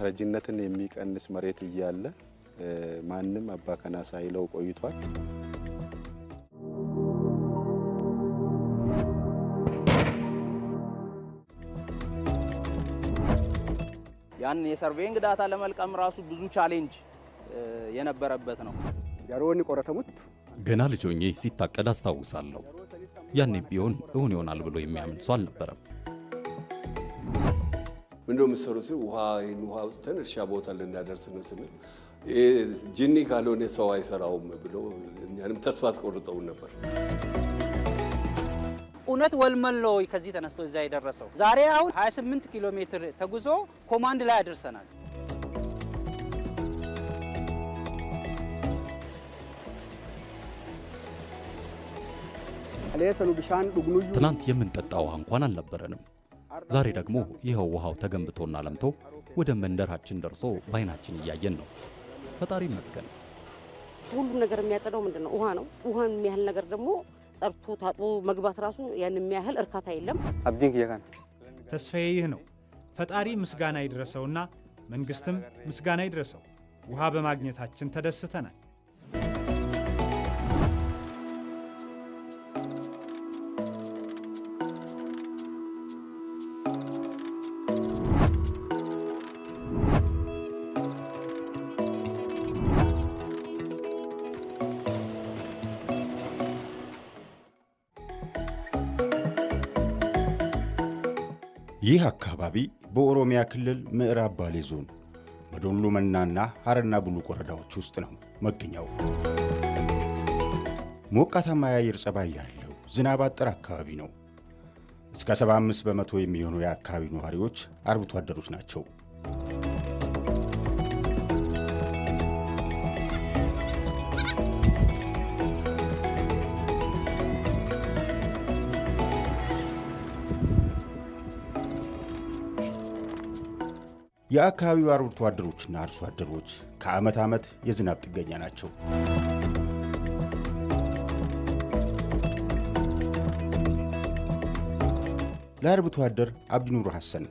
ተረጂነትን የሚቀንስ መሬት እያለ ማንም አባ ከና ሳይለው ቆይቷል። ያን የሰርቬይንግ ዳታ ለመልቀም ራሱ ብዙ ቻሌንጅ የነበረበት ነው። የሮኒ ቆረተሙት ገና ልጆኜ ሲታቀድ አስታውሳለሁ። ያኔም ቢሆን እሁን ይሆናል ብሎ የሚያምን ሰው አልነበረም። ምንድነው የምትሰሩት? ውሃ ውሃ አውጥተን እርሻ ቦታ ልናደርስ ነው ስንል ጅኒ ካልሆነ ሰው አይሰራውም ብሎ እኛንም ተስፋ አስቆርጠውን ነበር። እውነት ወልመሎ ከዚህ ተነስተው እዛ የደረሰው ዛሬ አሁን 28 ኪሎ ሜትር ተጉዞ ኮማንድ ላይ አድርሰናል። ትናንት የምንጠጣ ውሃ እንኳን አልነበረንም። ዛሬ ደግሞ ይኸው ውሃው ተገንብቶና ለምቶ ወደ መንደራችን ደርሶ ባይናችን እያየን ነው። ፈጣሪ ይመስገን። ሁሉም ነገር የሚያጸዳው ምንድን ነው? ውሃ ነው። ውሃን የሚያህል ነገር ደግሞ ጸርቶ ታጥቦ መግባት ራሱ ያን የሚያህል እርካታ የለም። አብዲንክ ክየካን ተስፋዬ ይህ ነው። ፈጣሪ ምስጋና ይድረሰውና መንግስትም ምስጋና ይድረሰው። ውሃ በማግኘታችን ተደስተናል። አካባቢ በኦሮሚያ ክልል ምዕራብ ባሌ ዞን በዶሎ መናና ሐረና ቡሉቅ ወረዳዎች ውስጥ ነው መገኛው። ሞቃታማ የአየር ጸባይ ያለው ዝናብ አጠር አካባቢ ነው። እስከ 75 በመቶ የሚሆኑ የአካባቢ ነዋሪዎች አርብቶ አደሮች ናቸው። የአካባቢው አርብቶ አደሮችና አርሶ አደሮች ከዓመት ዓመት የዝናብ ጥገኛ ናቸው። ለአርብቶ አደር አብዲኑር ሐሰን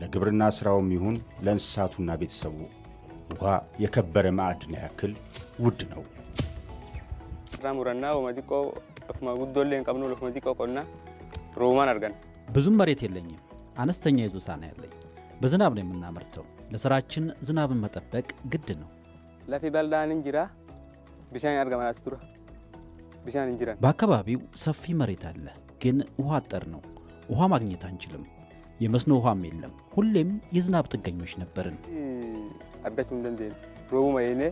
ለግብርና ሥራውም ይሁን ለእንስሳቱና ቤተሰቡ ውሃ የከበረ ማዕድን ያክል ውድ ነው። ብዙም መሬት የለኝም። አነስተኛ ይዞታ ነው ያለኝ። በዝናብ ነው የምናመርተው። ለስራችን ዝናብን መጠበቅ ግድ ነው። ለፊ በልዳን እንጅራ ብሻን አርገማናስ ዱራ ብሻን እንጅራ። በአካባቢው ሰፊ መሬት አለ፣ ግን ውሃ አጠር ነው። ውሃ ማግኘት አንችልም። የመስኖ ውሃም የለም። ሁሌም የዝናብ ጥገኞች ነበርን። አርጋችሁ እንደንዴ ሮቡማ ይኔ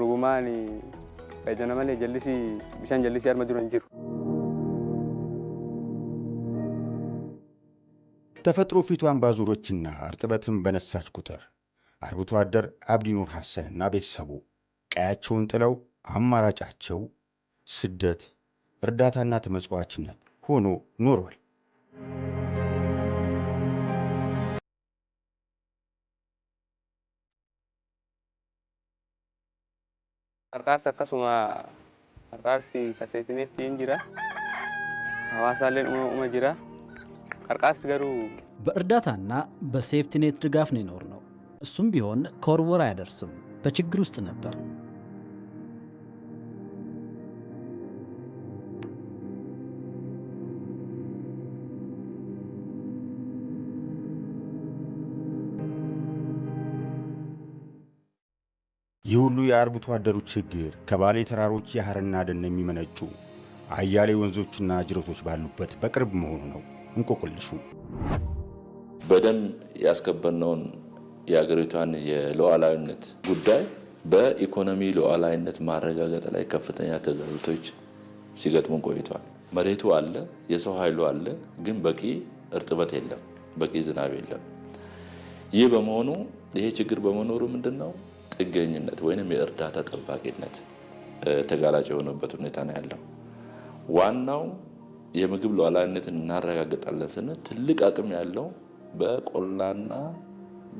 ሮቡማ ፈይደና መሌ ጀልሲ ብሻን ጀልሲ አርመዱረን እንጅሩ ተፈጥሮ ፊቷን ባዙሮችና እርጥበትን በነሳች ቁጥር አርብቶ አደር አብዲኑር ኑር ሐሰንና ቤተሰቡ ቀያቸውን ጥለው አማራጫቸው ስደት፣ እርዳታና ተመጽዋችነት ሆኖ ኖሯል። Harkaas akkasuma harkaasti kaseetineetti hin jira. Hawaasaalleen uuma ቀርቃስ ገሩ በእርዳታና በሴፍቲኔት ድጋፍ ነው ይኖር ነው። እሱም ቢሆን ከወርወር አያደርስም። በችግር ውስጥ ነበር። ይህ ሁሉ የአርብቶ አደሩ ችግር ከባሌ ተራሮች የሐርና ደን የሚመነጩ አያሌ ወንዞችና ጅረቶች ባሉበት በቅርብ መሆኑ ነው። እንቆቅልሹ በደንብ ያስከበርነውን የሀገሪቷን የሉዓላዊነት ጉዳይ በኢኮኖሚ ሉዓላዊነት ማረጋገጥ ላይ ከፍተኛ ተግዳሮቶች ሲገጥሙ ቆይተዋል። መሬቱ አለ፣ የሰው ኃይሉ አለ፣ ግን በቂ እርጥበት የለም፣ በቂ ዝናብ የለም። ይህ በመሆኑ ይሄ ችግር በመኖሩ ምንድን ነው ጥገኝነት ወይም የእርዳታ ጠባቂነት ተጋላጭ የሆነበት ሁኔታ ነው ያለው ዋናው የምግብ ሉዓላዊነትን እናረጋግጣለን ስንል ትልቅ አቅም ያለው በቆላና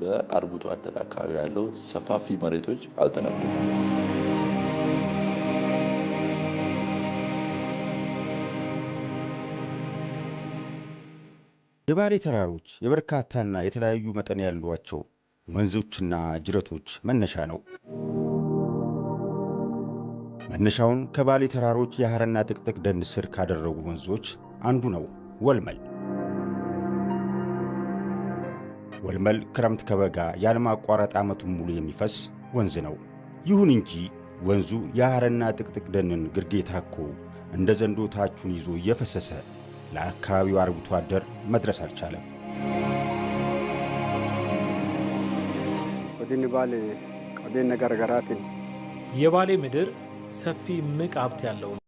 በአርብቶ አደር አካባቢ ያለው ሰፋፊ መሬቶች አልተነኩም። የባሌ ተራሮች የበርካታና የተለያዩ መጠን ያሏቸው ወንዞችና ጅረቶች መነሻ ነው። መነሻውን ከባሌ ተራሮች የሐረና ጥቅጥቅ ደን ስር ካደረጉ ወንዞች አንዱ ነው ወልመል። ወልመል ክረምት ከበጋ ያለማቋረጥ ዓመቱን ሙሉ የሚፈስ ወንዝ ነው። ይሁን እንጂ ወንዙ የሐረና ጥቅጥቅ ደንን ግርጌታ ኮ እንደ ዘንዶ ታቹን ይዞ እየፈሰሰ ለአካባቢው አርብቶ አደር መድረስ አልቻለም። ወዲን ባሌ ነገር ገራትን የባሌ ምድር ሰፊ እምቅ ሀብት ያለው ነው።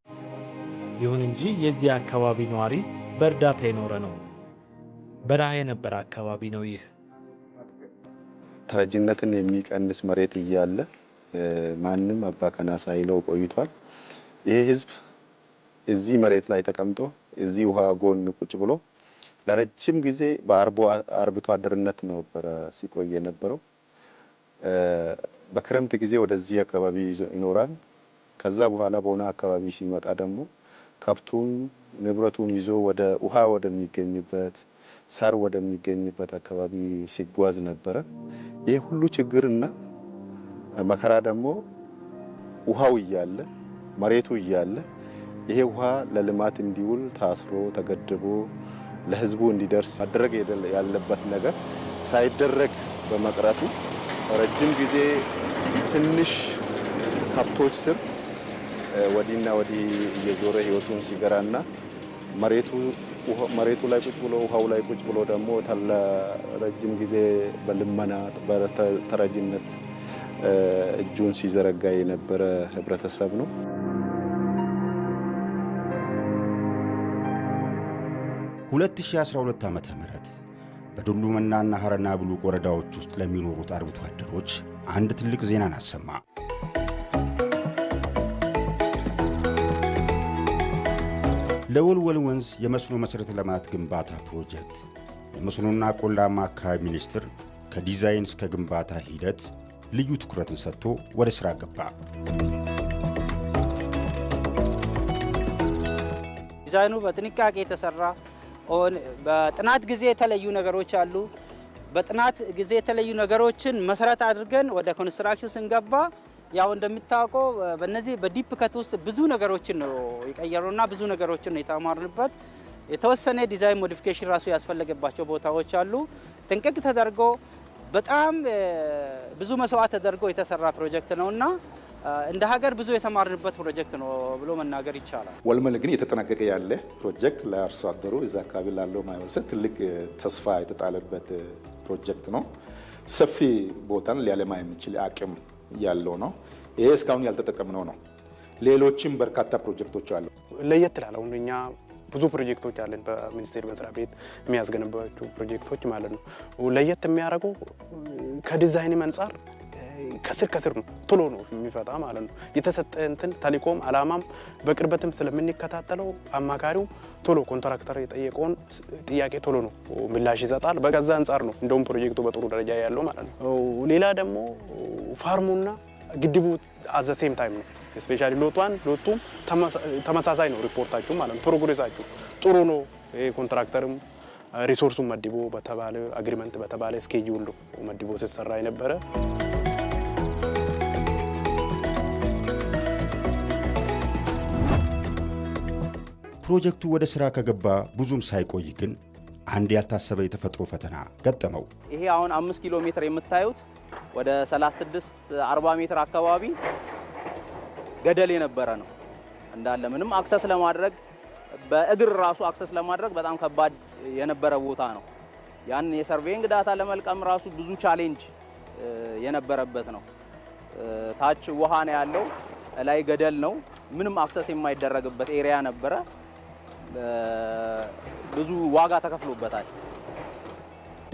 ይሁን እንጂ የዚህ አካባቢ ነዋሪ በእርዳታ የኖረ ነው። በረሃ የነበረ አካባቢ ነው። ይህ ተረጅነትን የሚቀንስ መሬት እያለ ማንም አባከና ሳይለው ቆይቷል። ይሄ ህዝብ እዚህ መሬት ላይ ተቀምጦ እዚህ ውሃ ጎን ቁጭ ብሎ ለረጅም ጊዜ አርብቶ አደርነት ነበረ ሲቆይ የነበረው። በክረምት ጊዜ ወደዚህ አካባቢ ይኖራል። ከዛ በኋላ በሆነ አካባቢ ሲመጣ ደግሞ ከብቱን ንብረቱን ይዞ ወደ ውሃ ወደሚገኝበት ሳር ወደሚገኝበት አካባቢ ሲጓዝ ነበረ። ይህ ሁሉ ችግርና መከራ ደግሞ ውሃው እያለ መሬቱ እያለ ይሄ ውሃ ለልማት እንዲውል ታስሮ ተገድቦ ለሕዝቡ እንዲደርስ ማድረግ ያለበት ነገር ሳይደረግ በመቅረቱ ረጅም ጊዜ ትንሽ ከብቶች ስር ወዲህና ወዲህ እየዞረ ህይወቱን ሲገራና መሬቱ መሬቱ ላይ ቁጭ ብሎ ውሃው ላይ ቁጭ ብሎ ደግሞ ለረጅም ጊዜ በልመና በተረጅነት እጁን ሲዘረጋ የነበረ ህብረተሰብ ነው። ሁለት ሺ አስራ ሁለት ዓመተ ምህረት በዱሉመናና ሀረና ብሉቅ ወረዳዎች ውስጥ ለሚኖሩት አርብቶ አደሮች አንድ ትልቅ ዜናን አሰማ። ለወልወል ወንዝ የመስኖ መሠረተ ልማት ግንባታ ፕሮጀክት የመስኖና ቆላማ አካባቢ ሚኒስቴር ከዲዛይን እስከ ግንባታ ሂደት ልዩ ትኩረትን ሰጥቶ ወደ ሥራ ገባ። ዲዛይኑ በጥንቃቄ የተሰራ በጥናት ጊዜ የተለዩ ነገሮች አሉ። በጥናት ጊዜ የተለዩ ነገሮችን መሰረት አድርገን ወደ ኮንስትራክሽን ስንገባ ያው እንደሚታወቀው በእነዚህ በዲፕ ከት ውስጥ ብዙ ነገሮችን ነው የቀየሩና ብዙ ነገሮችን ነው የተማርንበት። የተወሰነ ዲዛይን ሞዲፊኬሽን ራሱ ያስፈለገባቸው ቦታዎች አሉ። ጥንቅቅ ተደርጎ በጣም ብዙ መስዋዕት ተደርጎ የተሰራ ፕሮጀክት ነውና እንደ ሀገር ብዙ የተማርንበት ፕሮጀክት ነው ብሎ መናገር ይቻላል። ወልመል ግን እየተጠናቀቀ ያለ ፕሮጀክት ለአርሶ አደሩ እዚ አካባቢ ላለው ማህበረሰብ ትልቅ ተስፋ የተጣለበት ፕሮጀክት ነው። ሰፊ ቦታን ሊያለማ የሚችል አቅም ያለው ነው። ይሄ እስካሁን ያልተጠቀምነው ነው። ሌሎችም በርካታ ፕሮጀክቶች አሉ። ለየት ላል እኛ ብዙ ፕሮጀክቶች አለን በሚኒስቴር መስሪያ ቤት የሚያስገነባቸው ፕሮጀክቶች ማለት ነው። ለየት የሚያደርገው ከዲዛይንም አንጻር ከስር ከስር ነው ቶሎ ነው የሚፈታ ማለት ነው። የተሰጠ እንትን ተልእኮም አላማም በቅርበትም ስለምንከታተለው አማካሪው ቶሎ ኮንትራክተር የጠየቀውን ጥያቄ ቶሎ ነው ምላሽ ይሰጣል። በከዛ አንጻር ነው እንደውም ፕሮጀክቱ በጥሩ ደረጃ ያለው ማለት ነው። ሌላ ደግሞ ፋርሙና ግድቡ ሴም ታይም ነው ስፔሻሊ ሎቷን ሎቱም ተመሳሳይ ነው። ሪፖርታችሁ ማለት ነው ፕሮግሬሳችሁ ጥሩ ነው። ኮንትራክተርም ሪሶርሱን መድቦ በተባለ አግሪመንት በተባለ ሁሉ መድቦ ሲሰራ የነበረ ፕሮጀክቱ ወደ ሥራ ከገባ ብዙም ሳይቆይ ግን አንድ ያልታሰበ የተፈጥሮ ፈተና ገጠመው። ይሄ አሁን አምስት ኪሎ ሜትር የምታዩት ወደ 36 40 ሜትር አካባቢ ገደል የነበረ ነው እንዳለ ምንም አክሰስ ለማድረግ በእግር ራሱ አክሰስ ለማድረግ በጣም ከባድ የነበረ ቦታ ነው። ያን የሰርቬይንግ ዳታ ለመልቀም ራሱ ብዙ ቻሌንጅ የነበረበት ነው። ታች ውሃ ነው ያለው፣ ላይ ገደል ነው። ምንም አክሰስ የማይደረግበት ኤሪያ ነበረ። ብዙ ዋጋ ተከፍሎበታል።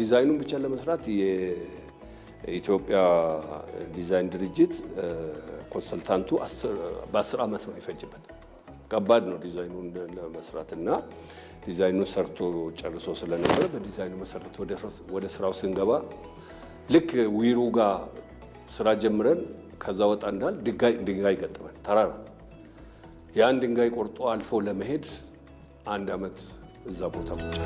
ዲዛይኑን ብቻ ለመስራት የኢትዮጵያ ዲዛይን ድርጅት ኮንሰልታንቱ በአስር ዓመት ነው የፈጅበት። ከባድ ነው ዲዛይኑን ለመስራት እና ዲዛይኑ ሰርቶ ጨርሶ ስለነበረ በዲዛይኑ መሰረት ወደ ስራው ስንገባ ልክ ዊሩ ጋር ስራ ጀምረን ከዛ ወጣ እንዳል ድንጋይ ገጥመን ተራራ ያን ድንጋይ ቆርጦ አልፎ ለመሄድ አንድ ዓመት እዛ ቦታ ብቻ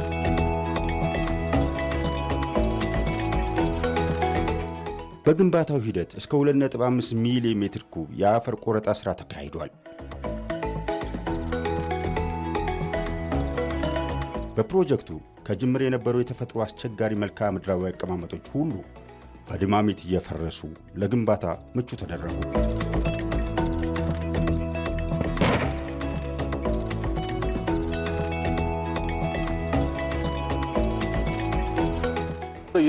በግንባታው ሂደት እስከ 2.5 ሚሊዮን ሜትር ኩብ የአፈር ቆረጣ ሥራ ተካሂዷል። በፕሮጀክቱ ከጅምር የነበረው የተፈጥሮ አስቸጋሪ መልክዓ ምድራዊ አቀማመጦች ሁሉ በድማሚት እየፈረሱ ለግንባታ ምቹ ተደረጉ።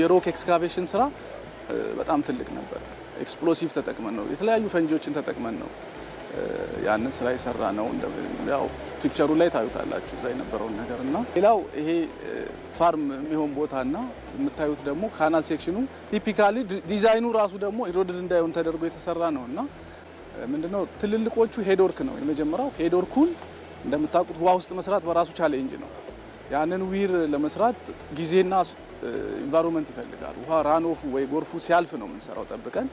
የሮክ ኤክስካቬሽን ስራ በጣም ትልቅ ነበር። ኤክስፕሎሲቭ ተጠቅመን ነው፣ የተለያዩ ፈንጂዎችን ተጠቅመን ነው ያንን ስራ የሰራ ነው። ያው ፒክቸሩ ላይ ታዩታላችሁ እዛ የነበረውን ነገር እና ሌላው ይሄ ፋርም የሚሆን ቦታ እና የምታዩት ደግሞ ካናል ሴክሽኑ ቲፒካሊ ዲዛይኑ ራሱ ደግሞ ኢሮድድ እንዳይሆን ተደርጎ የተሰራ ነው እና ምንድነው ትልልቆቹ ሄዶርክ ነው የመጀመሪያው። ሄዶርኩን እንደምታውቁት ውሃ ውስጥ መስራት በራሱ ቻሌንጅ ነው። ያንን ዊር ለመስራት ጊዜና ኢንቫይሮንመንት ይፈልጋል። ውሃ ራኖፉ ወይ ጎርፉ ሲያልፍ ነው የምንሰራው ጠብቀን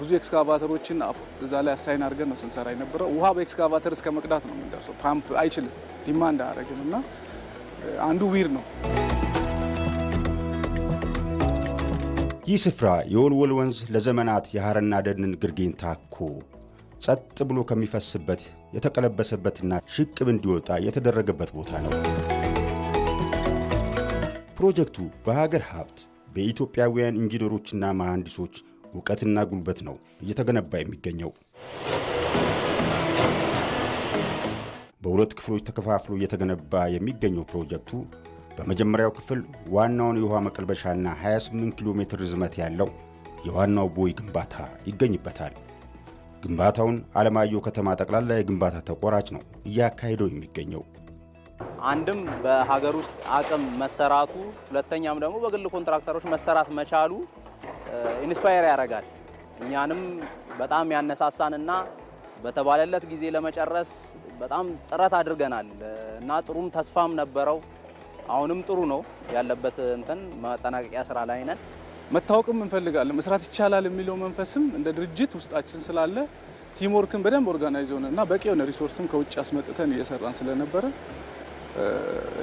ብዙ ኤክስካቫተሮችን እዛ ላይ አሳይን አድርገን ነው ስንሰራ የነበረው። ውሃ በኤክስካቫተር እስከ መቅዳት ነው የምንደርሰው። ፓምፕ አይችልም፣ ዲማንድ አያደርግም። እና አንዱ ዊር ነው። ይህ ስፍራ የወልወል ወንዝ ለዘመናት የሐረና ደንን ግርጌን ታኮ ጸጥ ብሎ ከሚፈስበት የተቀለበሰበትና ሽቅብ እንዲወጣ የተደረገበት ቦታ ነው። ፕሮጀክቱ በሀገር ሀብት በኢትዮጵያውያን ኢንጂነሮችና መሐንዲሶች እውቀትና ጉልበት ነው እየተገነባ የሚገኘው። በሁለት ክፍሎች ተከፋፍሎ እየተገነባ የሚገኘው ፕሮጀክቱ በመጀመሪያው ክፍል ዋናውን የውሃ መቀልበሻና 28 ኪሎ ሜትር ርዝመት ያለው የዋናው ቦይ ግንባታ ይገኝበታል። ግንባታውን አለማየሁ ከተማ ጠቅላላ የግንባታ ተቆራጭ ነው እያካሄደው የሚገኘው። አንድም በሀገር ውስጥ አቅም መሰራቱ፣ ሁለተኛም ደግሞ በግል ኮንትራክተሮች መሰራት መቻሉ ኢንስፓየር ያደርጋል። እኛንም በጣም ያነሳሳንና በተባለለት ጊዜ ለመጨረስ በጣም ጥረት አድርገናል እና ጥሩም ተስፋም ነበረው። አሁንም ጥሩ ነው ያለበት እንትን ማጠናቀቂያ ስራ ላይ ነን። መታወቅም እንፈልጋለን። መስራት ይቻላል የሚለው መንፈስም እንደ ድርጅት ውስጣችን ስላለ ቲምወርክን በደንብ ኦርጋናይዝ ሆነ እና በቂ የሆነ ሪሶርስም ከውጭ አስመጥተን እየሰራን ስለነበረ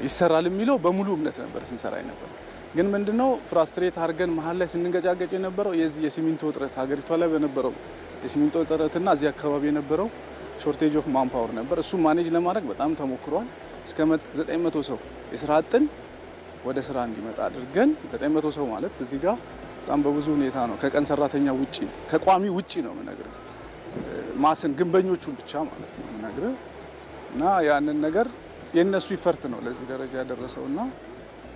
ይሰራል የሚለው በሙሉ እምነት ነበር ስንሰራ ነበር። ግን ምንድነው ፍራስትሬት አድርገን መሀል ላይ ስንገጫገጭ የነበረው የዚህ የሲሚንቶ እጥረት ሀገሪቷ ላይ በነበረው የሲሚንቶ እጥረትና እዚህ አካባቢ የነበረው ሾርቴጅ ኦፍ ማንፓወር ነበር። እሱ ማኔጅ ለማድረግ በጣም ተሞክሯል። እስከ 900 ሰው የስራ አጥን ወደ ስራ እንዲመጣ አድርገን 900 ሰው ማለት እዚህ ጋር በጣም በብዙ ሁኔታ ነው። ከቀን ሰራተኛ ውጪ ከቋሚ ውጪ ነው የምነግርህ ማስን ግንበኞቹን ብቻ ማለት ነው የምነግርህ እና ያንን ነገር የእነሱ ይፈርት ነው ለዚህ ደረጃ ያደረሰው እና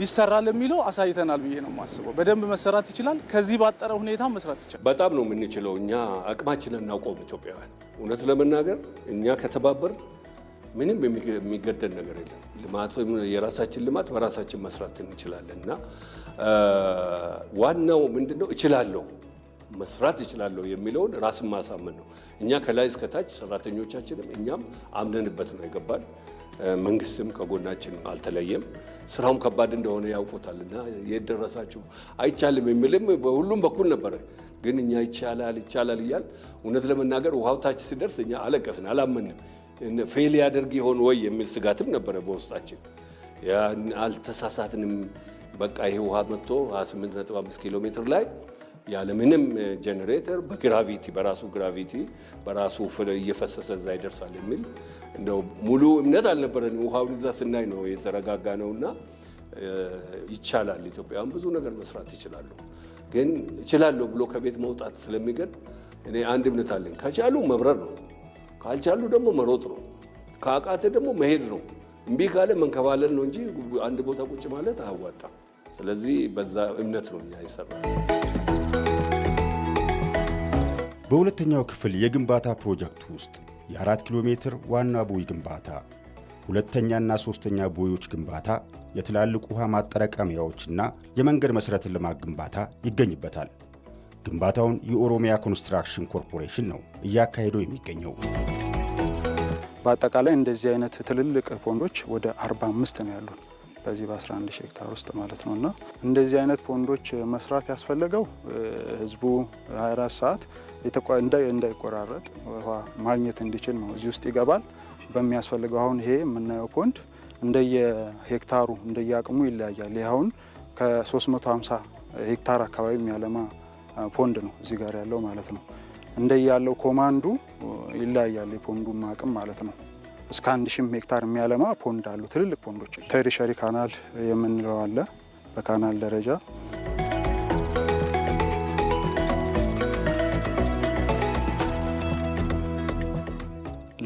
ይሰራል የሚለው አሳይተናል ብዬ ነው የማስበው። በደንብ መሰራት ይችላል። ከዚህ ባጠረ ሁኔታ መስራት ይችላል። በጣም ነው የምንችለው። እኛ አቅማችንን እናውቀውም ኢትዮጵያውያን። እውነት ለመናገር እኛ ከተባበር ምንም የሚገደል ነገር የለም። ልማቱ የራሳችን ልማት በራሳችን መስራት እንችላለን እና ዋናው ምንድነው እችላለሁ መስራት እችላለሁ የሚለውን ራስን ማሳመን ነው። እኛ ከላይ እስከታች ሰራተኞቻችንም እኛም አምነንበት ነው ይገባል። መንግስትም ከጎናችን አልተለየም። ስራውም ከባድ እንደሆነ ያውቁታል እና የደረሳችሁ አይቻልም የሚልም በሁሉም በኩል ነበረ። ግን እኛ ይቻላል ይቻላል እያል እውነት ለመናገር ውሃው ታች ሲደርስ እኛ አለቀስን፣ አላመንም። ፌል ያደርግ ይሆን ወይ የሚል ስጋትም ነበረ በውስጣችን። አልተሳሳትንም። በቃ ይሄ ውሃ መጥቶ 28.5 ኪሎ ሜትር ላይ ያለምንም ጀኔሬተር በግራቪቲ በራሱ ግራቪቲ በራሱ እየፈሰሰ እዛ ይደርሳል የሚል እንደው ሙሉ እምነት አልነበረንም። ውሃውን እዛ ስናይ ነው የተረጋጋ ነውና ይቻላል፣ ኢትዮጵያን ብዙ ነገር መስራት ይችላሉ። ግን እችላለሁ ብሎ ከቤት መውጣት ስለሚገድ እኔ አንድ እምነት አለኝ። ከቻሉ መብረር ነው፣ ካልቻሉ ደግሞ መሮጥ ነው፣ ከአቃተ ደግሞ መሄድ ነው። እምቢ ካለ መንከባለል ነው እንጂ አንድ ቦታ ቁጭ ማለት አያዋጣም። ስለዚህ በዛ እምነት ነው እኛ በሁለተኛው ክፍል የግንባታ ፕሮጀክት ውስጥ የአራት ኪሎ ሜትር ዋና ቦይ ግንባታ፣ ሁለተኛና ሦስተኛ ቦዮች ግንባታ፣ የትላልቅ ውሃ ማጠረቀሚያዎችና የመንገድ መሠረተ ልማት ግንባታ ይገኝበታል። ግንባታውን የኦሮሚያ ኮንስትራክሽን ኮርፖሬሽን ነው እያካሄደው የሚገኘው። በአጠቃላይ እንደዚህ አይነት ትልልቅ ፖንዶች ወደ 45 ነው ያሉን። በዚህ በ11 ሄክታር ውስጥ ማለት ነው። እና እንደዚህ አይነት ፖንዶች መስራት ያስፈለገው ህዝቡ 24 ሰዓት እንዳይቆራረጥ ውሃ ማግኘት እንዲችል ነው። እዚህ ውስጥ ይገባል በሚያስፈልገው አሁን ይሄ የምናየው ፖንድ እንደየ ሄክታሩ እንደየ አቅሙ ይለያያል። ይህ አሁን ከ350 ሄክታር አካባቢ የሚያለማ ፖንድ ነው እዚህ ጋር ያለው ማለት ነው። ያለው ኮማንዱ ይለያያል የፖንዱም አቅም ማለት ነው። እስከ አንድ ሺህ ሄክታር የሚያለማ ፖንድ አሉ። ትልልቅ ፖንዶች ተሪሸሪ ካናል የምንለው አለ። በካናል ደረጃ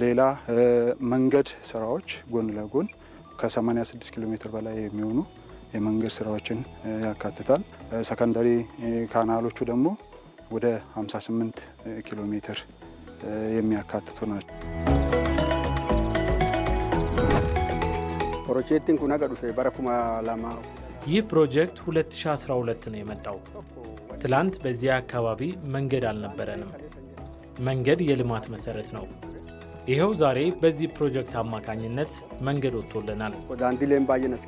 ሌላ መንገድ ስራዎች ጎን ለጎን ከ86 ኪሎ ሜትር በላይ የሚሆኑ የመንገድ ስራዎችን ያካትታል። ሰከንደሪ ካናሎቹ ደግሞ ወደ 58 ኪሎ ሜትር የሚያካትቱ ናቸው። ፕሮጀክትን ኩን አገ ዱፌ በረ ኩማ ላማ ይህ ፕሮጀክት 2012 ነው የመጣው። ትላንት በዚያ አካባቢ መንገድ አልነበረንም። መንገድ የልማት መሰረት ነው። ይኸው ዛሬ በዚህ ፕሮጀክት አማካኝነት መንገድ ወጥቶልናል። ባየነስ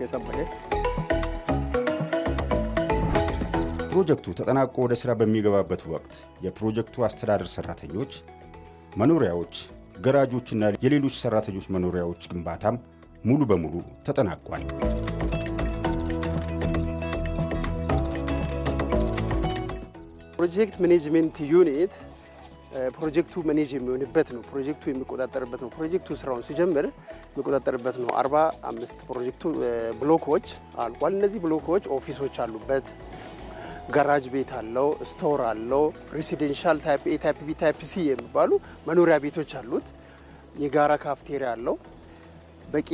ፕሮጀክቱ ተጠናቆ ወደ ሥራ በሚገባበት ወቅት የፕሮጀክቱ አስተዳደር ሠራተኞች መኖሪያዎች፣ ገራጆችና የሌሎች ሠራተኞች መኖሪያዎች ግንባታም ሙሉ በሙሉ ተጠናቋል። ፕሮጀክት ማኔጅመንት ዩኒት ፕሮጀክቱ መኔጅ የሚሆንበት ነው። ፕሮጀክቱ የሚቆጣጠርበት ነው። ፕሮጀክቱ ስራውን ሲጀምር የሚቆጣጠርበት ነው። አርባ አምስት ፕሮጀክቱ ብሎኮች አልቋል። እነዚህ ብሎኮች ኦፊሶች አሉበት፣ ጋራጅ ቤት አለው፣ ስቶር አለው፣ ሬሲደንሻል ታይፕ ኤ፣ ታይፕ ቢ፣ ታይፕ ሲ የሚባሉ መኖሪያ ቤቶች አሉት፣ የጋራ ካፍቴሪያ አለው። በቂ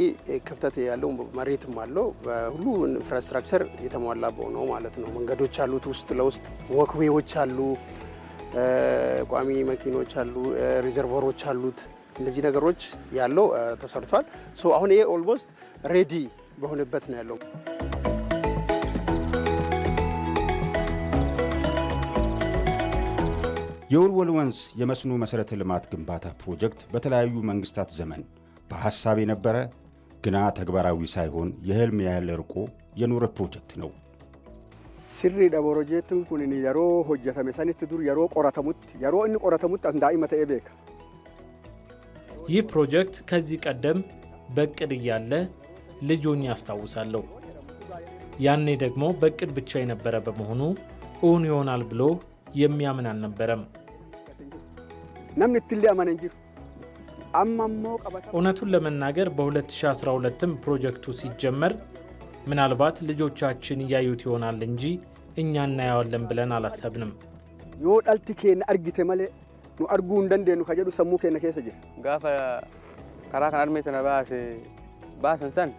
ክፍተት ያለው መሬትም አለው። በሁሉ ኢንፍራስትራክቸር የተሟላ በሆነው ማለት ነው። መንገዶች አሉት፣ ውስጥ ለውስጥ ወክዌዎች አሉ፣ ቋሚ መኪኖች አሉ፣ ሪዘርቮሮች አሉት። እነዚህ ነገሮች ያለው ተሰርቷል። ሶ አሁን ይሄ ኦልሞስት ሬዲ በሆነበት ነው ያለው። የወልወል ወንዝ የመስኖ መሠረተ ልማት ግንባታ ፕሮጀክት በተለያዩ መንግስታት ዘመን በሐሳብ የነበረ ግና ተግባራዊ ሳይሆን የህልም ያህል እርቆ የኖረ ፕሮጀክት ነው። ስሪ ፕሮጀክትን ኩን የሮ ሆጀተሜ ሰኒት ዱር የሮ ቆረተሙት የሮ እን ቆረተሙት እንዳይ መተ ቤከ ይህ ፕሮጀክት ከዚህ ቀደም በቅድ እያለ ልጆኝ ያስታውሳለሁ። ያኔ ደግሞ በቅድ ብቻ የነበረ በመሆኑ እውን ይሆናል ብሎ የሚያምን አልነበረም። ነምን ትል አመነ እንጂ እውነቱን ለመናገር በ2012ም ፕሮጀክቱ ሲጀመር ምናልባት ልጆቻችን እያዩት ይሆናል እንጂ እኛ እናየዋለን ብለን አላሰብንም። ዮ ዳልቲ ኬን አርጊቴ መሌ ኑ አርጉ እንደንዴኑ ከጀዱ ሰሙ ኬነ ኬሰ ጅ ጋፈ ከራ ከን አድሜተነ ባስ ባስንሰን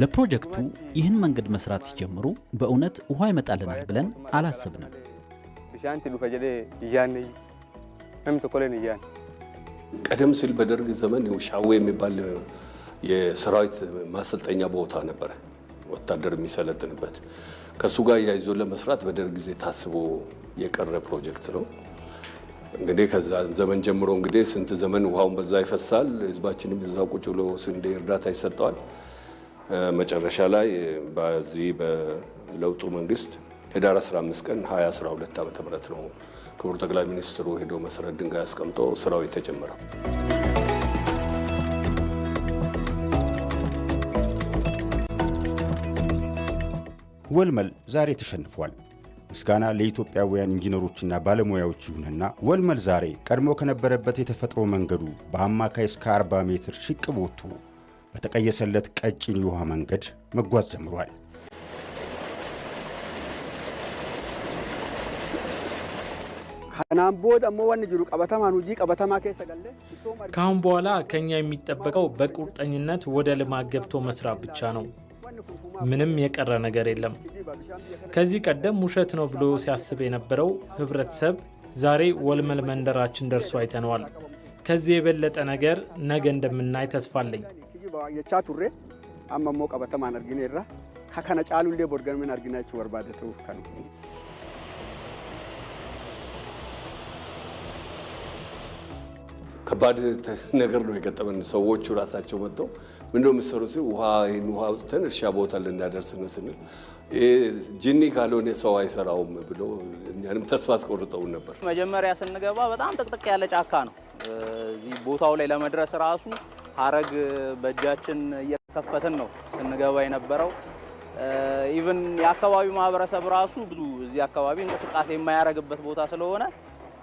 ለፕሮጀክቱ ይህን መንገድ መስራት ሲጀምሩ በእውነት ውሃ ይመጣልናል ብለን አላሰብንም። ብሻንቲ ዱፈ ጀሌ እያነ እምትኮሌን እያን ቀደም ሲል በደርግ ዘመን ሻዌ የሚባል የሰራዊት ማሰልጠኛ ቦታ ነበረ፣ ወታደር የሚሰለጥንበት። ከእሱ ጋር እያይዞ ለመስራት በደርግ ጊዜ ታስቦ የቀረ ፕሮጀክት ነው። እንግዲህ ከዛ ዘመን ጀምሮ እንግዲህ ስንት ዘመን ውሃውን በዛ ይፈሳል፣ ህዝባችንም እዛ ቁጭ ብሎ ስንዴ እርዳታ ይሰጠዋል። መጨረሻ ላይ በዚህ በለውጡ መንግስት ህዳር 15 ቀን 2012 ም ነው ክቡር ጠቅላይ ሚኒስትሩ ሄዶ መሰረት ድንጋይ አስቀምጦ ስራው የተጀመረው። ወልመል ዛሬ ተሸንፏል። ምስጋና ለኢትዮጵያውያን ኢንጂነሮችና ባለሙያዎች ይሁንና ወልመል ዛሬ ቀድሞ ከነበረበት የተፈጥሮ መንገዱ በአማካይ እስከ 40 ሜትር ሽቅብ ወጥቶ በተቀየሰለት ቀጭን የውሃ መንገድ መጓዝ ጀምሯል። ከአሁን በኋላ ከኛ የሚጠበቀው በቁርጠኝነት ወደ ልማት ገብቶ መስራት ብቻ ነው። ምንም የቀረ ነገር የለም። ከዚህ ቀደም ውሸት ነው ብሎ ሲያስብ የነበረው ህብረተሰብ ዛሬ ወልመል መንደራችን ደርሶ አይተነዋል። ከዚህ የበለጠ ነገር ነገ እንደምናይ ተስፋ አመሞ ቀበተማን አርጊኔራ ከከነ ጫሉሌ ቦርገን ምን አርጊናችሁ በርባደተው ከባድ ነገር ነው የገጠመን። ሰዎቹ ራሳቸው መጥተው ምንድነው የምትሰሩ ሲ ውሃ ይህን ውሃ አውጥተን እርሻ ቦታ ልናደርስ ነው ስንል ጅኒ ካልሆነ ሰው አይሰራውም ብሎ እኛንም ተስፋ አስቆርጠውን ነበር። መጀመሪያ ስንገባ በጣም ጥቅጥቅ ያለ ጫካ ነው። እዚህ ቦታው ላይ ለመድረስ ራሱ ሀረግ በእጃችን እየከፈትን ነው ስንገባ የነበረው። ኢቭን የአካባቢው ማህበረሰብ ራሱ ብዙ እዚህ አካባቢ እንቅስቃሴ የማያደርግበት ቦታ ስለሆነ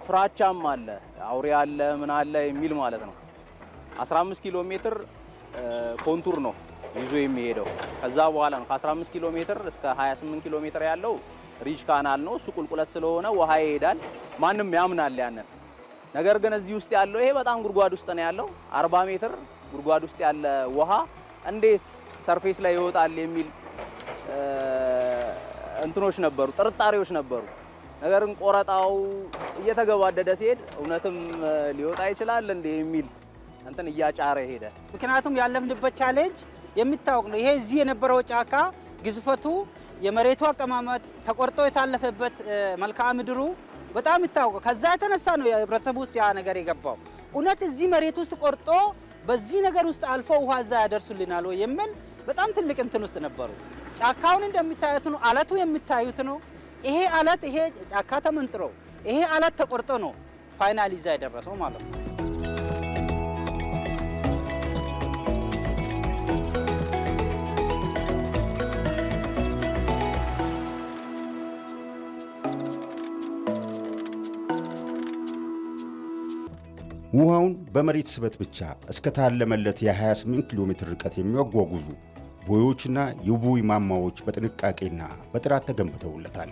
ፍራቻም አለ፣ አውሬ አለ፣ ምን አለ የሚል ማለት ነው። 15 ኪሎ ሜትር ኮንቱር ነው ይዞ የሚሄደው ከዛ በኋላ ነው። ከ15 ኪሎ ሜትር እስከ 28 ኪሎ ሜትር ያለው ሪጅ ካናል ነው። እሱ ቁልቁለት ስለሆነ ውሃ ይሄዳል፣ ማንም ያምናል ያንን። ነገር ግን እዚህ ውስጥ ያለው ይሄ በጣም ጉድጓድ ውስጥ ነው ያለው። 40 ሜትር ጉድጓድ ውስጥ ያለ ውሃ እንዴት ሰርፌስ ላይ ይወጣል የሚል እንትኖች ነበሩ፣ ጥርጣሬዎች ነበሩ። ነገርን ቆረጣው እየተገባደደ ሲሄድ እውነትም ሊወጣ ይችላል እንዴ የሚል እንትን እያጫረ ሄደ። ምክንያቱም ያለፍንበት ቻሌንጅ የሚታወቅ ነው። ይሄ እዚህ የነበረው ጫካ ግዝፈቱ፣ የመሬቱ አቀማመጥ፣ ተቆርጦ የታለፈበት መልክዓ ምድሩ በጣም ይታወቀ። ከዛ የተነሳ ነው ህብረተሰቡ ውስጥ ያ ነገር የገባው። እውነት እዚህ መሬት ውስጥ ቆርጦ በዚህ ነገር ውስጥ አልፎ ውሃ እዛ ያደርሱልናል ወይ የሚል በጣም ትልቅ እንትን ውስጥ ነበሩ። ጫካውን እንደሚታዩት ነው፣ አለቱ የሚታዩት ነው። ይሄ አለት ይሄ ጫካ ተመንጥሮ ይሄ አለት ተቆርጦ ነው ፋይናል ይዛ የደረሰው ማለት ነው። ውሃውን በመሬት ስበት ብቻ እስከ ታለመለት የ28 ኪሎ ሜትር ርቀት የሚያጓጉዙ ቦዮችና የቡይ ማማዎች በጥንቃቄና በጥራት ተገንብተውለታል።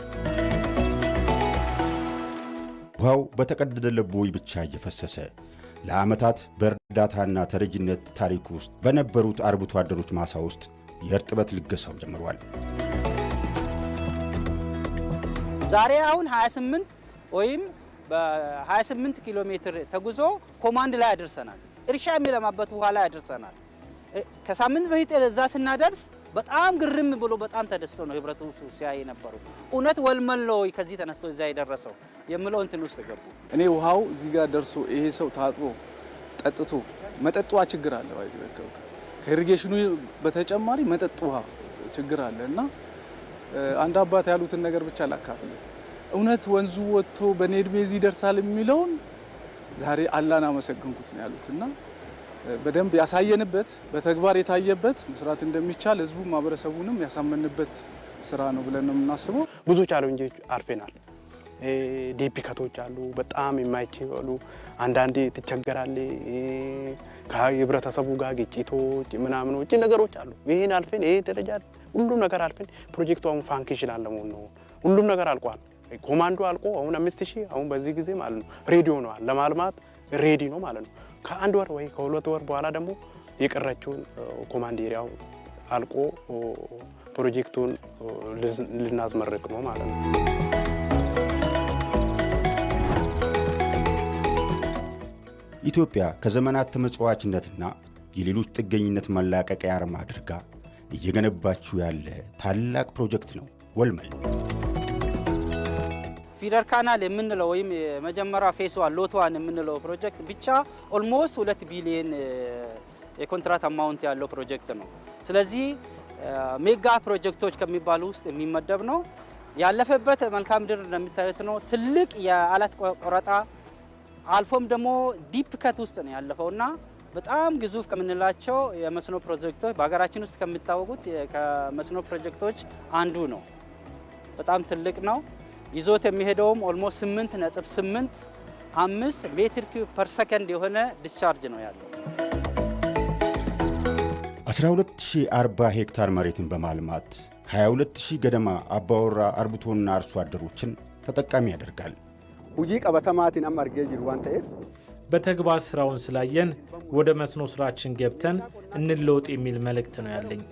ውሃው በተቀደደለት ቦይ ብቻ እየፈሰሰ ለዓመታት በእርዳታና ተረጅነት ታሪክ ውስጥ በነበሩት አርብቶ አደሮች ማሳ ውስጥ የእርጥበት ልገሳው ጀምሯል። ዛሬ አሁን 28 ወይም በ28 ኪሎ ሜትር ተጉዞ ኮማንድ ላይ ያደርሰናል። እርሻ የሚለማበት ውሃ ላይ ያደርሰናል። ከሳምንት በፊት እዛ ስናደርስ በጣም ግርም ብሎ በጣም ተደስቶ ነው ህብረቱ ሲያይ ነበሩ። እውነት ወልመሎ ከዚህ ተነስቶ እዛ የደረሰው የምለው እንትን ውስጥ ገቡ። እኔ ውሃው እዚህ ጋር ደርሶ ይሄ ሰው ታጥቦ ጠጥቶ መጠጥ ውሃ ችግር አለ ይበከውታ ከኢሪጌሽኑ በተጨማሪ መጠጥ ውሃ ችግር አለ እና አንድ አባት ያሉትን ነገር ብቻ ላካፍል። እውነት ወንዙ ወጥቶ በኔድሜዚ ይደርሳል የሚለውን ዛሬ አላን አመሰግንኩት ነው ያሉት እና በደንብ ያሳየንበት በተግባር የታየበት መስራት እንደሚቻል ህዝቡ ማህበረሰቡንም ያሳመንበት ስራ ነው ብለን ነው የምናስበው። ብዙ ቻለንጆች አርፌናል። ዲፒ ከቶች አሉ፣ በጣም የማይችሉ አንዳንዴ ትቸገራለ፣ ከህብረተሰቡ ጋር ግጭቶች ምናምኖች ነገሮች አሉ። ይህን አልፌን ይሄ ደረጃ ሁሉም ነገር አልፌን ፕሮጀክቱ አሁን ፋንክሽናል ለመሆን ነው። ሁሉም ነገር አልቋል። ኮማንዶ አልቆ አሁን አምስት ሺህ አሁን በዚህ ጊዜ ማለት ነው ሬዲዮ ነዋል ለማልማት ሬዲ ነው ማለት ነው። ከአንድ ወር ወይ ከሁለት ወር በኋላ ደግሞ የቀረችውን ኮማንድ ኤሪያው አልቆ ፕሮጀክቱን ልናስመርቅ ነው ማለት ነው። ኢትዮጵያ ከዘመናት ተመጽዋችነትና የሌሎች ጥገኝነት መላቀቂያ አርማ አድርጋ እየገነባችው ያለ ታላቅ ፕሮጀክት ነው ወልመል። ፊደር ካናል የምንለው ወይም የመጀመሪያ ሎት ሎትዋን የምንለው ፕሮጀክት ብቻ ኦልሞስት ሁለት ቢሊየን የኮንትራት አማውንት ያለው ፕሮጀክት ነው። ስለዚህ ሜጋ ፕሮጀክቶች ከሚባሉ ውስጥ የሚመደብ ነው። ያለፈበት መልካም ምድር እንደሚታዩት ነው። ትልቅ የአለት ቆረጣ አልፎም ደግሞ ዲፕ ከት ውስጥ ነው እና በጣም ግዙፍ ከምንላቸው የመስኖ ፕሮጀክቶች በሀገራችን ውስጥ ከሚታወቁት ከመስኖ ፕሮጀክቶች አንዱ ነው። በጣም ትልቅ ነው። ይዞት የሚሄደውም ኦልሞስት ስምንት ነጥብ ስምንት አምስት ሜትር ኪዩብ ፐር ሰከንድ የሆነ ዲስቻርጅ ነው ያለው። 12040 ሄክታር መሬትን በማልማት 22000 ገደማ አባወራ አርብቶና አርሶ አደሮችን ተጠቃሚ ያደርጋል። ውጂ ቀበተማቲን አማርጌ ጅሩ ዋን በተግባር ስራውን ስላየን ወደ መስኖ ስራችን ገብተን እንለውጥ የሚል መልእክት ነው ያለኝ።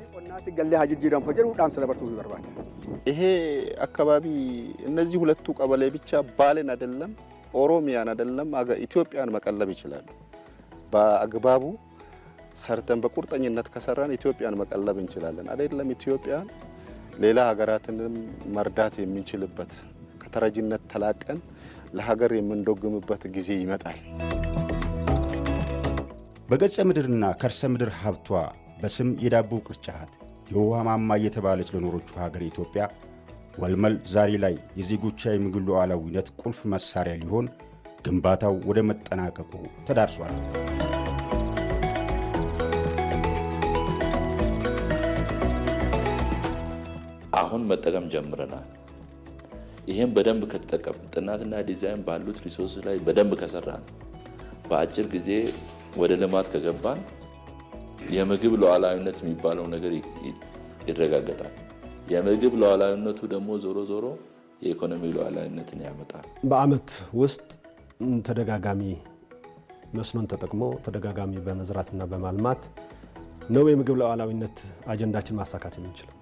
ይሄ አካባቢ እነዚህ ሁለቱ ቀበሌ ብቻ ባሌን አይደለም ኦሮሚያን አይደለም ኢትዮጵያን መቀለብ ይችላሉ። በአግባቡ ሰርተን በቁርጠኝነት ከሰራን ኢትዮጵያን መቀለብ እንችላለን። አይደለም ኢትዮጵያን ሌላ ሀገራትንም መርዳት የምንችልበት ከተረጅነት ተላቀን ለሀገር የምንደግምበት ጊዜ ይመጣል። በገጸ ምድርና ከርሰ ምድር ሀብቷ በስም የዳቦ ቅርጫት የውሃ ማማ እየተባለች ለኖሮቹ ሀገር ኢትዮጵያ ወልመል ዛሬ ላይ የዜጎቿ የምግብ ሉዓላዊነት ቁልፍ መሳሪያ ሊሆን ግንባታው ወደ መጠናቀቁ ተዳርሷል። አሁን መጠቀም ጀምረናል። ይህም በደንብ ከተጠቀም ጥናትና ዲዛይን ባሉት ሪሶርስ ላይ በደንብ ከሰራን በአጭር ጊዜ ወደ ልማት ከገባን የምግብ ሉዓላዊነት የሚባለው ነገር ይረጋገጣል። የምግብ ሉዓላዊነቱ ደግሞ ዞሮ ዞሮ የኢኮኖሚ ሉዓላዊነትን ያመጣል። በዓመት ውስጥ ተደጋጋሚ መስኖን ተጠቅሞ ተደጋጋሚ በመዝራትና በማልማት ነው የምግብ ሉዓላዊነት አጀንዳችን ማሳካት የምንችለው።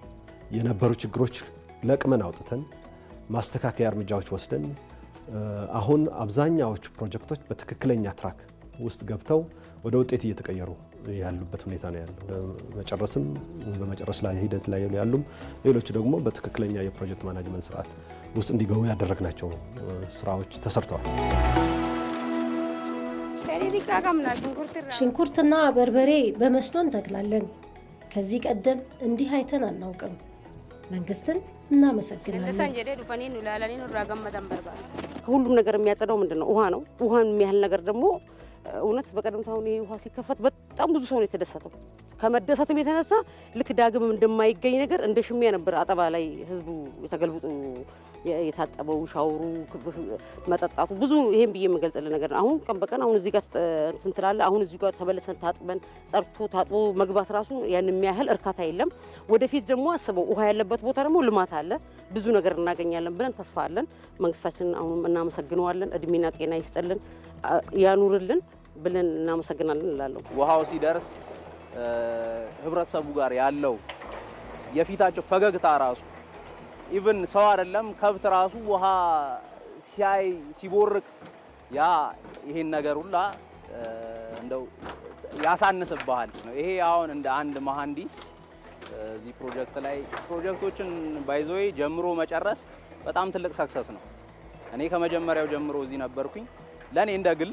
የነበሩ ችግሮች ለቅመን አውጥተን ማስተካከያ እርምጃዎች ወስደን አሁን አብዛኛዎቹ ፕሮጀክቶች በትክክለኛ ትራክ ውስጥ ገብተው ወደ ውጤት እየተቀየሩ ያሉበት ሁኔታ ነው ያለው። በመጨረስም በመጨረስ ላይ ሂደት ላይ ያሉም ሌሎች ደግሞ በትክክለኛ የፕሮጀክት ማናጅመንት ስርዓት ውስጥ እንዲገቡ ያደረግናቸው ስራዎች ተሰርተዋል። ሽንኩርትና በርበሬ በመስኖ እንተክላለን። ከዚህ ቀደም እንዲህ አይተን አናውቅም። መንግስትን እናመሰግናለን። ሁሉም ነገር የሚያጸዳው ምንድን ነው? ውሃ ነው። ውሃን የሚያህል ነገር ደግሞ እውነት በቀደምት አሁን ይሄ ውሃ ሲከፈት በጣም ብዙ ሰው ነው የተደሰተው። ከመደሰትም የተነሳ ልክ ዳግምም እንደማይገኝ ነገር እንደ ሽሚያ ነበር። አጠባ ላይ ህዝቡ የተገልብጦ የታጠበው ሻወሩ፣ መጠጣቱ ብዙ ይሄን ብዬ የምገልጽልን ነገር ነው። አሁን ቀን በቀን አሁን እዚህ ጋር እንትን ትላለህ። አሁን እዚህ ጋር ተመልሰን ታጥበን ጸርቶ ታጥቦ መግባት ራሱ ያን የሚያህል እርካታ የለም። ወደፊት ደግሞ አስበው ውሃ ያለበት ቦታ ደግሞ ልማት አለ፣ ብዙ ነገር እናገኛለን ብለን ተስፋ አለን። መንግስታችንን አሁንም እናመሰግነዋለን። እድሜና ጤና ይስጥልን፣ ያኑርልን። ብለን እናመሰግናለን እላለሁ። ውሃው ሲደርስ ህብረተሰቡ ጋር ያለው የፊታቸው ፈገግታ ራሱ ኢቭን ሰው አይደለም ከብት ራሱ ውሃ ሲያይ ሲቦርቅ ያ ይሄን ነገር ሁላ እንደው ያሳንስብሃል ነው። ይሄ አሁን እንደ አንድ መሐንዲስ እዚህ ፕሮጀክት ላይ ፕሮጀክቶችን ባይዞይ ጀምሮ መጨረስ በጣም ትልቅ ሰክሰስ ነው። እኔ ከመጀመሪያው ጀምሮ እዚህ ነበርኩኝ። ለእኔ እንደ ግል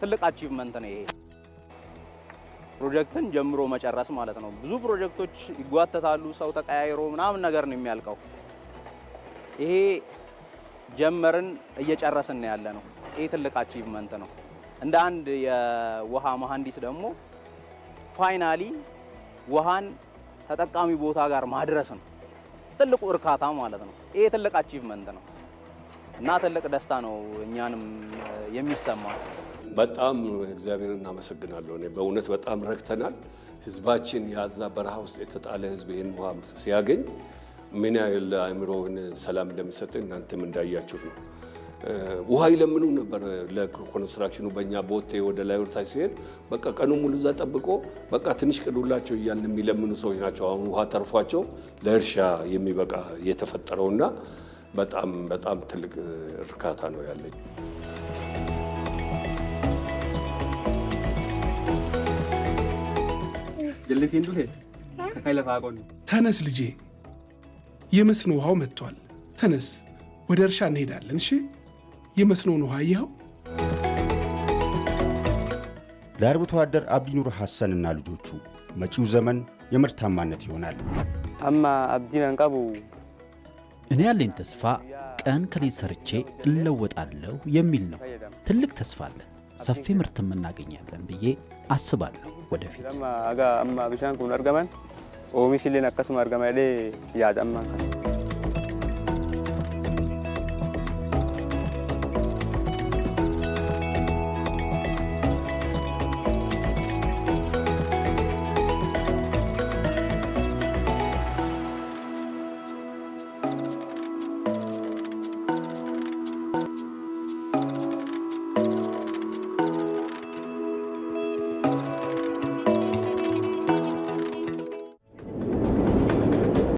ትልቅ አቺቭመንት ነው ይሄ ፕሮጀክትን ጀምሮ መጨረስ ማለት ነው። ብዙ ፕሮጀክቶች ይጓተታሉ፣ ሰው ተቀያይሮ ምናምን ነገር ነው የሚያልቀው። ይሄ ጀመርን እየጨረስን ያለ ነው። ይሄ ትልቅ አቺቭመንት ነው። እንደ አንድ የውሃ መሐንዲስ ደግሞ ፋይናሊ ውሃን ተጠቃሚ ቦታ ጋር ማድረስ ነው ትልቁ እርካታ ማለት ነው። ይሄ ትልቅ አቺቭመንት ነው እና ትልቅ ደስታ ነው እኛንም የሚሰማ በጣም እግዚአብሔር እናመሰግናለሁ። እኔ በእውነት በጣም ረክተናል። ህዝባችን የአዛ በረሃ ውስጥ የተጣለ ህዝብ ይህን ውሃ ሲያገኝ ምን ያህል አእምሮን ሰላም እንደሚሰጥ እናንተም እንዳያችሁ ነው። ውሃ ይለምኑ ነበር ለኮንስትራክሽኑ በእኛ ቦቴ ወደ ላይ ወርታ ሲሄድ በቃ ቀኑ ሙሉ እዛ ጠብቆ በቃ ትንሽ ቅዱላቸው እያልን የሚለምኑ ሰዎች ናቸው። አሁን ውሃ ተርፏቸው ለእርሻ የሚበቃ የተፈጠረውና በጣም በጣም ትልቅ እርካታ ነው ያለኝ። ጀልሲን ዱሄ ተነስ ልጄ፣ የመስኖ ውሃው መጥቷል። ተነስ ወደ እርሻ እንሄዳለን። እሺ፣ የመስኖን ውሃ ይኸው። ለአርብቶ አደር አብዲ ኑር ሐሰንና ልጆቹ መጪው ዘመን የምርታማነት ይሆናል። አማ አብዲናን ቀቡ እኔ ያለኝ ተስፋ ቀን ከሌት ሰርቼ እለወጣለሁ የሚል ነው። ትልቅ ተስፋ አለን። ሰፊ ምርትም እናገኛለን ብዬ አስባለሁ። ወደፊት አጋ አማ ቢሻን ኩን አርገመን ኦሚሽሌን አከሱማ አርገማ ያደማ